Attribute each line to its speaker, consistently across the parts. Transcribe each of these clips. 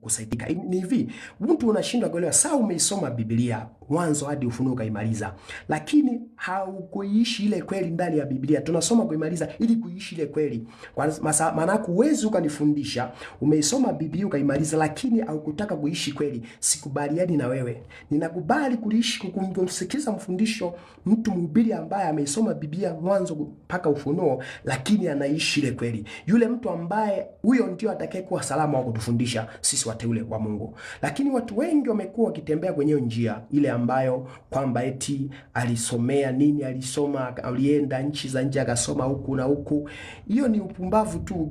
Speaker 1: kusaidika. Ni hivi, mtu unashindwa kuelewa. Saa umeisoma Biblia mwanzo hadi Ufunuo ukaimaliza, lakini haukuishi ile kweli ndani ya Biblia. Tunasoma kuimaliza ili kuishi ile kweli, maana huwezi ukanifundisha. Umeisoma Biblia ukaimaliza, lakini haukutaka kuishi kweli, sikubaliani na wewe. Ninakubali kuishi kumsikiliza mfundisho, mtu mhubiri ambaye ameisoma Biblia mwanzo mpaka Ufunuo, lakini anaishi ile kweli. Yule mtu ambaye huyo ndio atakayekuwa salama wako kutufundisha sisi wateule wa Mungu. Lakini watu wengi wamekuwa wakitembea kwenye njia ile ambayo kwamba eti alisomea nini, alisoma, alienda nchi za nje akasoma huku na huku. Hiyo ni upumbavu tu.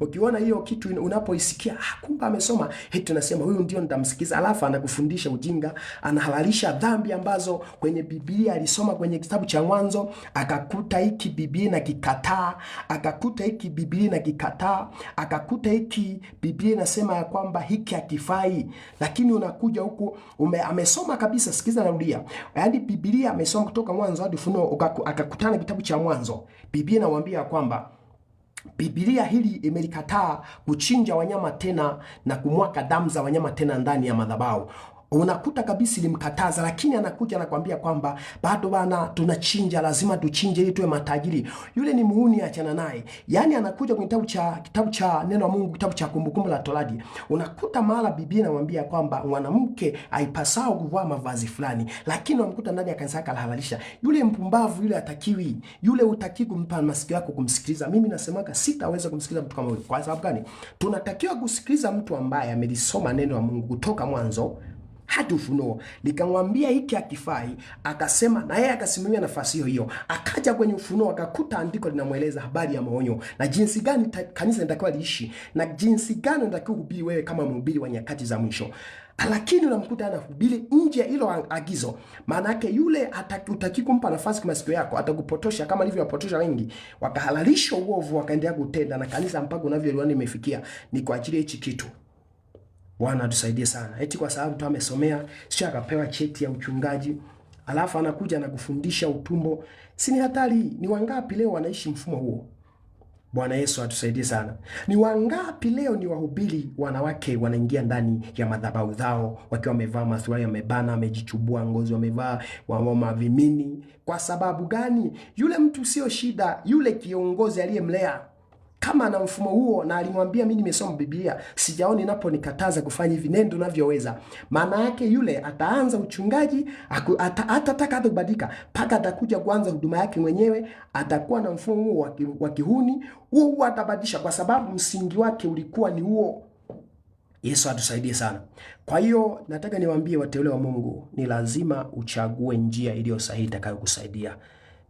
Speaker 1: ukiona hiyo kitu unapoisikia, ah, kumbe amesoma, eti unasema huyu ndio nitamsikiza, alafu anakufundisha ujinga, anahalalisha dhambi ambazo kwenye Biblia alisoma kwenye kitabu cha Mwanzo akakuta hiki Biblia na kikataa, akakuta hiki Biblia na kikataa, akakuta hiki Biblia Biblia inasema ya kwamba hiki hakifai, lakini unakuja huku ume, amesoma kabisa. Sikiza, narudia, yaani Biblia amesoma kutoka mwanzo hadi Ufunuo, akakutana kitabu cha Mwanzo. Biblia inawaambia kwamba Biblia hili imelikataa kuchinja wanyama tena na kumwaka damu za wanyama tena ndani ya madhabahu unakuta kabisa ilimkataza, lakini anakuja anakwambia kwamba bado bana, tunachinja, lazima tuchinje ili tuwe matajiri. Yule ni muuni, achana naye. Yani anakuja kwenye kitabu cha kitabu cha neno la Mungu, kitabu cha Kumbukumbu la Torati, unakuta mara bibi anamwambia kwamba mwanamke haipasao kuvaa mavazi fulani, lakini unamkuta ndani ya kanisa yake alahalalisha. Yule mpumbavu yule, atakiwi yule, utaki kumpa masikio yako kumsikiliza. Mimi nasemaga sitaweza kumsikiliza mtu kama huyo. Kwa sababu gani? Tunatakiwa kusikiliza mtu ambaye amelisoma neno la Mungu kutoka mwanzo hadi Ufunuo. Nikamwambia hiki akifai, akasema na yeye akasimamia nafasi hiyo hiyo. Akaja kwenye Ufunuo akakuta andiko linamweleza habari ya maonyo na jinsi gani kanisa linatakiwa liishi na jinsi gani unatakiwa kuhubiri wewe kama mhubiri wa nyakati za mwisho lakini unamkuta anahubiri nje ya hilo agizo. Maana yake yule utaki kumpa nafasi kwa masikio yako, atakupotosha kama alivyowapotosha wengi, wakahalalisha uovu, wakaendelea kutenda na kanisa mpaka unavyoliona imefikia. Ni kwa ajili ya hichi kitu. Bwana atusaidie sana. Eti kwa sababu tu amesomea, sio akapewa cheti ya uchungaji, alafu anakuja na kufundisha utumbo. Si ni hatari? Ni wangapi leo wanaishi mfumo huo? Bwana Yesu atusaidie sana. Ni wangapi leo ni wahubiri wanawake wanaingia ndani ya madhabahu zao wakiwa wamevaa masuruali wamebana, wamejichubua ngozi, wamevaa wamama vimini. Kwa sababu gani? Yule mtu sio shida, yule kiongozi aliyemlea kama ana mfumo huo na alimwambia mimi nimesoma Biblia, sijaoni napo nikataza kufanya hivi, nendo unavyoweza. Maana yake yule ataanza uchungaji, hatataka hata kubadilika mpaka atakuja kuanza huduma yake mwenyewe. Atakuwa na mfumo huo wa kihuni, huo huo atabadilisha, kwa sababu msingi wake ulikuwa ni huo. Yesu atusaidie sana. Kwa hiyo nataka niwaambie wateule wa Mungu, ni lazima uchague njia iliyo sahihi itakayokusaidia.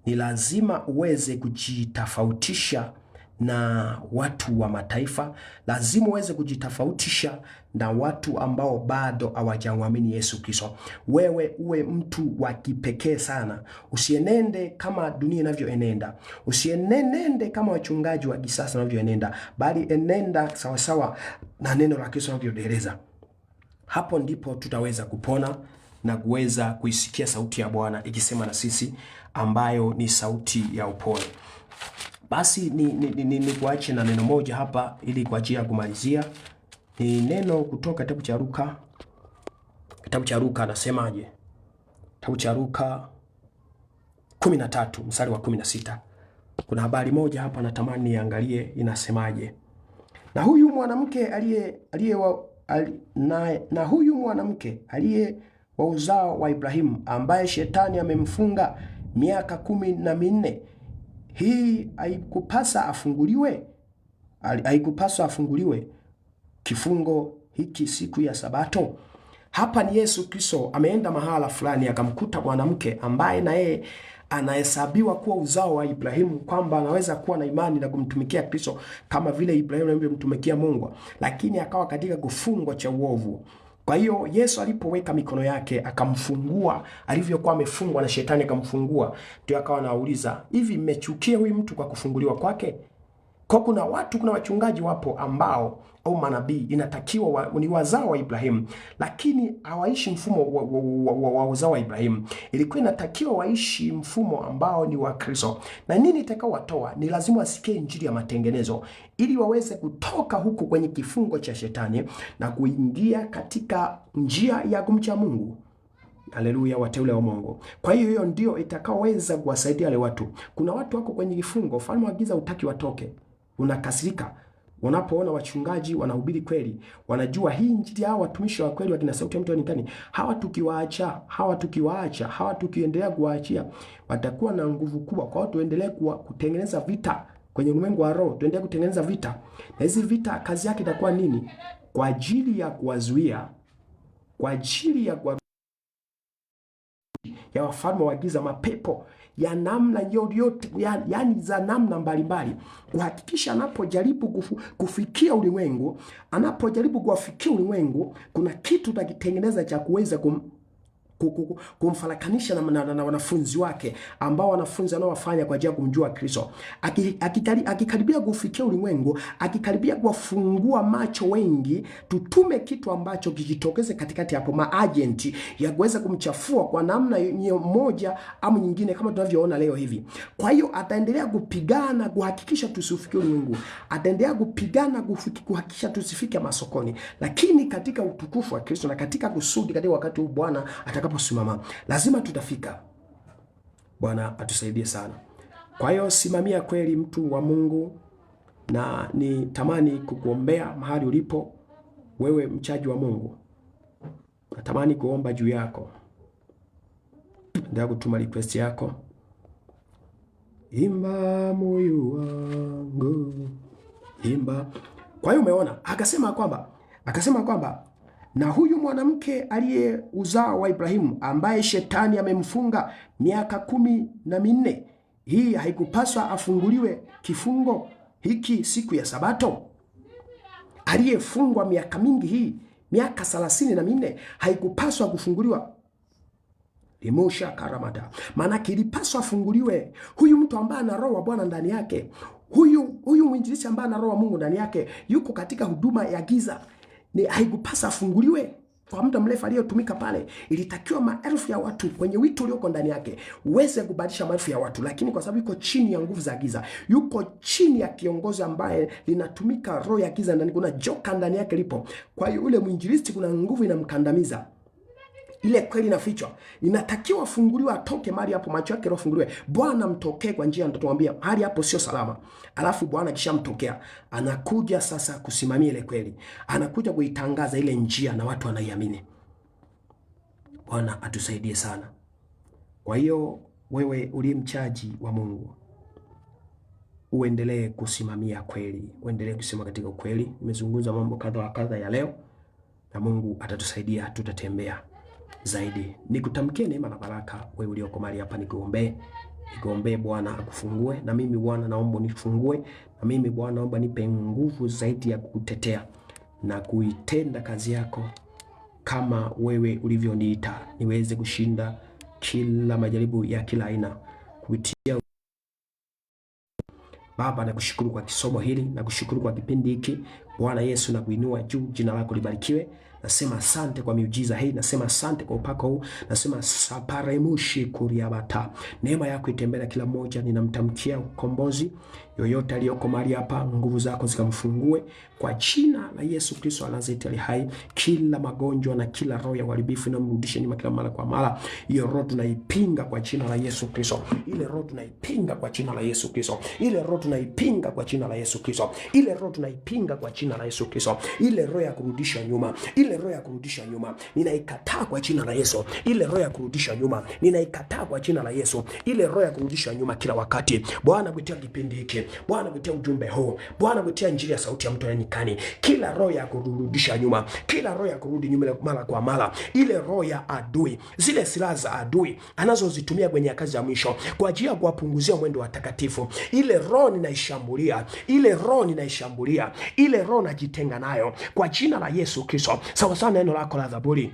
Speaker 1: Ni lazima uweze kujitofautisha na watu wa mataifa, lazima uweze kujitofautisha na watu ambao bado hawajamwamini Yesu Kristo. Wewe uwe mtu wa kipekee sana, usienende kama dunia inavyoenenda, usienende kama wachungaji wa kisasa wanavyoenenda, bali enenda sawasawa na neno la Kristo linavyodeleza. Hapo ndipo tutaweza kupona na kuweza kuisikia sauti ya Bwana ikisema na sisi, ambayo ni sauti ya upole. Basi ni, ni, ni, ni, ni kuache na neno moja hapa ili kwa ajili ya kumalizia. Ni neno kutoka kitabu cha Luka. Kitabu cha Luka anasemaje? Kitabu cha Luka 13 mstari wa 16. Kuna habari moja hapa natamani niangalie inasemaje. Na huyu mwanamke aliye aliye na, na huyu mwanamke aliye wa uzao wa Ibrahimu ambaye shetani amemfunga miaka kumi na minne hii haikupasa afunguliwe, haikupaswa afunguliwe kifungo hiki siku ya Sabato? Hapa ni Yesu Kristo ameenda mahala fulani akamkuta mwanamke ambaye na yeye anahesabiwa kuwa uzao wa Ibrahimu, kwamba anaweza kuwa na imani na kumtumikia Kristo kama vile Ibrahimu alivyomtumikia Mungu, lakini akawa katika kufungwa cha uovu. Kwa hiyo Yesu alipoweka mikono yake akamfungua, alivyokuwa amefungwa na shetani akamfungua, ndio akawa anauliza hivi, mmechukia huyu mtu kwa kufunguliwa kwake? Kwa kuna watu, kuna wachungaji wapo ambao au manabii inatakiwa wa, ni wazao wa Ibrahimu, lakini hawaishi mfumo wa, wa, wa, wa, wa uzao wa Ibrahimu. Ilikuwa inatakiwa waishi mfumo ambao ni wa Kristo, na nini itakawatoa ni lazima wasikie injili ya matengenezo, ili waweze kutoka huku kwenye kifungo cha shetani na kuingia katika njia ya kumcha Mungu. Haleluya, wateule wa Mungu. Kwa hiyo hiyo ndio itakaoweza kuwasaidia wale watu. Kuna watu wako kwenye kifungo, falme wa giza utaki watoke unakasirika unapoona wachungaji wanahubiri kweli, wanajua hii injili. Hawa watumishi wa kweli wakina sauti ya mtu ndani, hawa tukiwaacha, hawa tukiwaacha, hawa tukiendelea kuwaachia, watakuwa na nguvu kubwa. Kwa hiyo tuendelee kutengeneza vita kwenye ulimwengu wa roho, tuendelee kutengeneza vita, na hizi vita kazi yake itakuwa nini? Kwa ajili ya kuwazuia, kwa ajili ya kwa ya wafalme wa giza, mapepo ya namna yoyote, yaani za namna mbalimbali, kuhakikisha anapojaribu kufu, kufikia ulimwengu, anapojaribu kuwafikia ulimwengu, kuna kitu takitengeneza cha kuweza kum kumfarakanisha na, na, na, na wanafunzi wake ambao wanafunzi anaowafanya kwa ajili ya kumjua Kristo, akikaribia kufikia ulimwengu, akikaribia kuwafungua macho wengi, tutume kitu ambacho kikitokeze katikati hapo, maajenti ya kuweza kumchafua kwa namna moja au nyingine, kama tunavyoona leo hivi. Kwa hiyo ataendelea kupigana kuhakikisha tusifikie ulimwengu, ataendelea kupigana kuhakikisha tusifike masokoni, lakini katika utukufu wa Kristo na katika kusudi, katika wakati huu Bwana ataka atakaposimama lazima tutafika. Bwana atusaidie sana. Kwa hiyo simamia kweli, mtu wa Mungu, na ni tamani kukuombea mahali ulipo wewe, mchaji wa Mungu, natamani kuomba juu yako. Ndio kutuma request yako, imba moyo wangu, imba. Kwa hiyo umeona, akasema kwamba akasema kwamba na huyu mwanamke aliye uzaa wa Ibrahimu ambaye shetani amemfunga miaka kumi na minne, hii haikupaswa afunguliwe kifungo hiki siku ya Sabato? Aliyefungwa miaka mingi hii miaka thelathini na minne haikupaswa kufunguliwa limosha karamata, maana kilipaswa afunguliwe huyu mtu ambaye ana roho wa Bwana ndani yake, huyu huyu mwinjilisti ambaye ana roho wa Mungu ndani yake, yuko katika huduma ya giza haikupasa afunguliwe kwa muda mrefu aliyotumika pale. Ilitakiwa maelfu ya watu kwenye wito ulioko ndani yake uweze kubadilisha maelfu ya watu, lakini kwa sababu yuko chini ya nguvu za giza, yuko chini ya kiongozi ambaye linatumika roho ya giza ndani, kuna joka ndani yake lipo. Kwa hiyo yule mwinjilisti, kuna nguvu inamkandamiza ile kweli inafichwa, inatakiwa afunguliwe, atoke mahali hapo, macho yake yafunguliwe, Bwana mtokee kwa njia ndio nitatumwambia, mahali hapo sio salama. Alafu Bwana akishamtokea anakuja sasa kusimamia ile kweli, anakuja kuitangaza ile njia na watu wanaiamini. Bwana atusaidie sana. Kwa hiyo wewe uliye mchaji wa Mungu uendelee kusimamia kweli, uendelee kusema katika ukweli. Nimezungumza mambo kadha wa kadha ya leo, na Mungu atatusaidia, tutatembea zaidi. Nikutamkie neema na baraka wewe ulioko mahali hapa, nikuombe nikuombe Bwana akufungue, na mimi Bwana naomba nifungue, na mimi Bwana naomba nipe nguvu zaidi ya kukutetea na kuitenda kazi yako kama wewe ulivyoniita, niweze kushinda kila majaribu ya kila aina kupitia Baba, nakushukuru kwa kisomo hili, nakushukuru kwa kipindi hiki Bwana Yesu, na kuinua juu, jina lako libarikiwe. Nasema asante kwa miujiza hii, nasema asante kwa upako huu, nasema saparemushi kuriabata, neema yako itembea kila mmoja. Ninamtamkia ukombozi yoyote aliyoko mahali hapa, nguvu zako zikamfungue kwa jina la Yesu Kristo wa Nazareti ali hai. Kila magonjwa na kila roho ya uharibifu inamrudisha nyuma kila mara kwa mara, hiyo roho tunaipinga kwa jina la Yesu Kristo. Ile roho tunaipinga kwa jina la Yesu Kristo. Ile roho tunaipinga kwa jina la Yesu Kristo. Ile roho tunaipinga kwa jina la Yesu Kristo. Ile roho ya kurudisha nyuma, ile roho ya kurudisha nyuma ninaikataa kwa jina la Yesu. Ile roho ya kurudisha nyuma ninaikataa kwa jina la Yesu. Ile roho ya kurudisha nyuma kila wakati, Bwana, kupitia kipindi hiki Bwana kutia ujumbe huu, Bwana kutia injili ya sauti ya mtu nyikani, kila roho ya kurudisha nyuma, kila roho ya kurudi nyuma mara kwa mara, ile roho ya adui, zile silaha za adui anazozitumia kwenye kazi ya mwisho kwa ajili ya kuwapunguzia mwendo watakatifu, ile roho ninaishambulia, ile roho ninaishambulia, ile roho najitenga nayo kwa jina la Yesu Kristo, sawasawa neno lako la Zaburi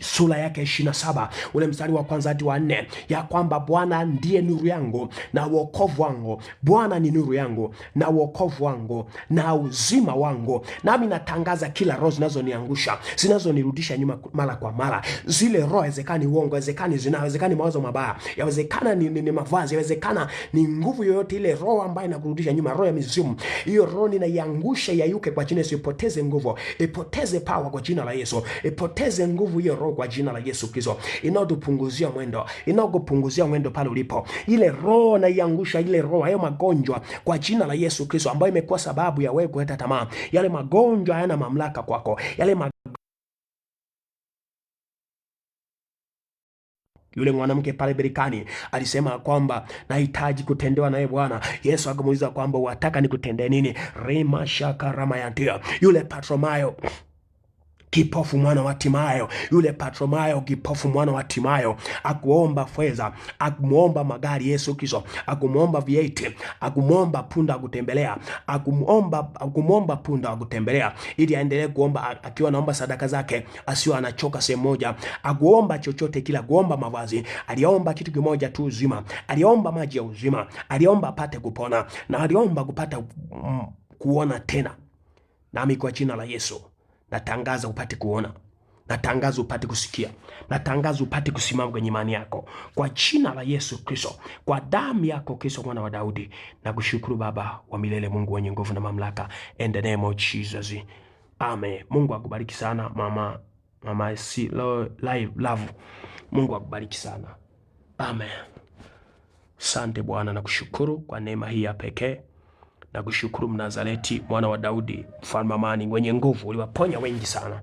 Speaker 1: sura yake 27 ule mstari wa kwanza hadi wa nne ya kwamba Bwana ndiye nuru yangu na wokovu wangu. Bwana ni nuru yangu na wokovu wangu na uzima wangu, nami natangaza kila roho zinazoniangusha zinazonirudisha nyuma mara kwa mara, zile roho awezekani uongo, awezekani zina, awezekani mawazo mabaya, yawezekana ni, ni, ni mavazi, yawezekana ni nguvu yoyote ile, roho ambayo inakurudisha nyuma, roho ya mizimu, hiyo roho ninaiangusha, yayuke kwa jina Yesu, ipoteze nguvu, ipoteze pawa kwa jina la Yesu, ipoteze nguvu hiyo roho kwa jina la Yesu Kristo inayotupunguzia mwendo, inayokupunguzia mwendo pale ulipo, ile roho naiangusha, ile roho, hayo magonjwa kwa jina la Yesu Kristo ambayo imekuwa sababu ya wewe kuleta tamaa. Yale magonjwa hayana mamlaka kwako, yale mag... Yule mwanamke pale Berikani alisema kwamba nahitaji kutendewa naye Bwana. Yesu akamuuliza kwamba wataka nikutendee nini? rema shaka Yule Patromayo kipofu mwana wa Timayo, yule Patromayo kipofu mwana wa Timayo akuomba fedha, akumuomba magari Yesu Kristo, akumuomba vieti, akumuomba punda akutembelea, akumuomba akumuomba punda akutembelea, ili aendelee kuomba, akiwa anaomba sadaka zake, asio anachoka sehemu moja, akuomba chochote kila, kuomba mavazi, aliomba kitu kimoja tu, uzima. Aliomba maji ya uzima, aliomba apate kupona na aliomba kupata mm, kuona tena. Nami kwa jina la Yesu Natangaza upate kuona, natangaza upate kusikia, natangaza upate kusimama kwenye imani yako kwa jina la Yesu Kristo, kwa damu yako Kristo mwana wa Daudi. Na kushukuru Baba wa milele, Mungu wenye nguvu na mamlaka, in the name of Jesus, amen. Mungu akubariki sana mama, mama si lo, live love. Mungu akubariki sana amen. Sante Bwana na kushukuru kwa neema hii ya pekee na kushukuru Mnazareti, mwana wa Daudi, mfalme amani, wenye nguvu, uliwaponya wengi sana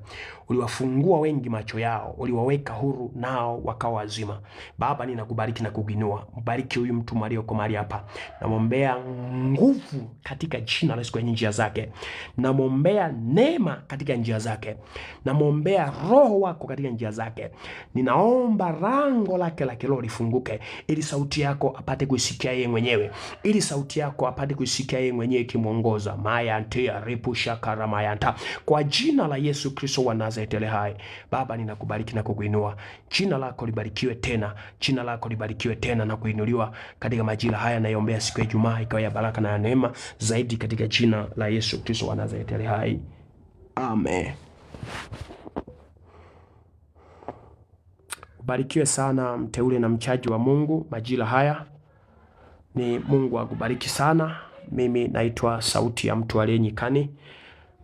Speaker 1: uliwafungua wengi macho yao, uliwaweka huru nao wakawa wazima. Baba, ninakubariki na kuginua, mbariki huyu mtu mwalio kwa mahali hapa, namwombea nguvu katika jina la Yesu kwenye njia zake, namwombea neema katika njia zake, namwombea roho wako katika njia zake. Ninaomba rango lake la kiroho lifunguke, ili sauti yako apate kuisikia yeye mwenyewe, ili sauti yako apate kuisikia yeye mwenyewe ikimwongoza maya ntia repu shakara kwa jina la Yesu Kristo wa Nazareti zetu yale hai. Baba, ninakubariki na kukuinua, jina lako libarikiwe tena, jina lako libarikiwe tena na kuinuliwa katika majira haya, naiombea siku ya Ijumaa ikawa ya baraka na ya neema zaidi, katika jina la Yesu Kristo wa Nazareti yale hai, amen. Barikiwe sana mteule na mchaji wa Mungu majira haya, ni Mungu akubariki sana. Mimi naitwa Sauti ya Mtu Aliye Nyikani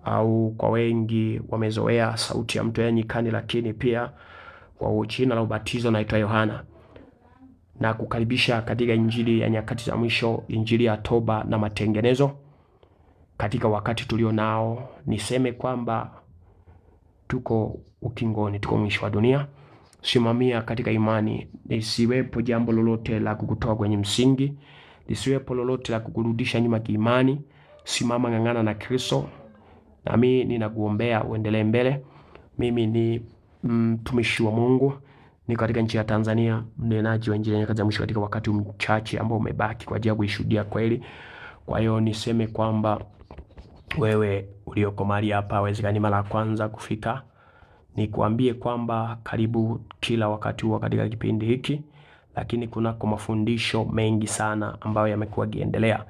Speaker 1: au kwa wengi wamezoea sauti ya mtu ya nyikani, lakini pia kwa jina la ubatizo naitwa Yohana, na kukaribisha katika injili ya nyakati za mwisho, injili ya toba na matengenezo. Katika wakati tulio nao, niseme kwamba tuko ukingoni, tuko mwisho wa dunia. Simamia katika imani, lisiwepo jambo lolote la kukutoa kwenye msingi, lisiwepo lolote la kukurudisha nyuma kiimani. Simama, ng'ang'ana na Kristo mi ninakuombea uendelee mbele. Mimi ni mtumishi wa Mungu ni katika nchi ya Tanzania, mnenaji wa Injili nyakati za mwisho katika wakati mchache ambao umebaki kwa ajili ya kuishuhudia kweli. Kwa hiyo niseme kwamba wewe ulioko mahali hapa, awezekani mara ya kwanza kufika, nikuambie kwamba karibu kila wakati huwa katika kipindi hiki, lakini kunako mafundisho mengi sana ambayo yamekuwa yakiendelea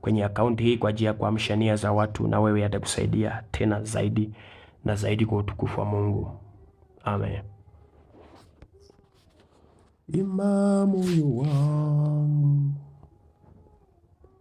Speaker 1: kwenye akaunti hii kwa ajili ya kuamsha nia za watu, na wewe atakusaidia tena zaidi na zaidi kwa utukufu wa Mungu. Amen. Imamu wangu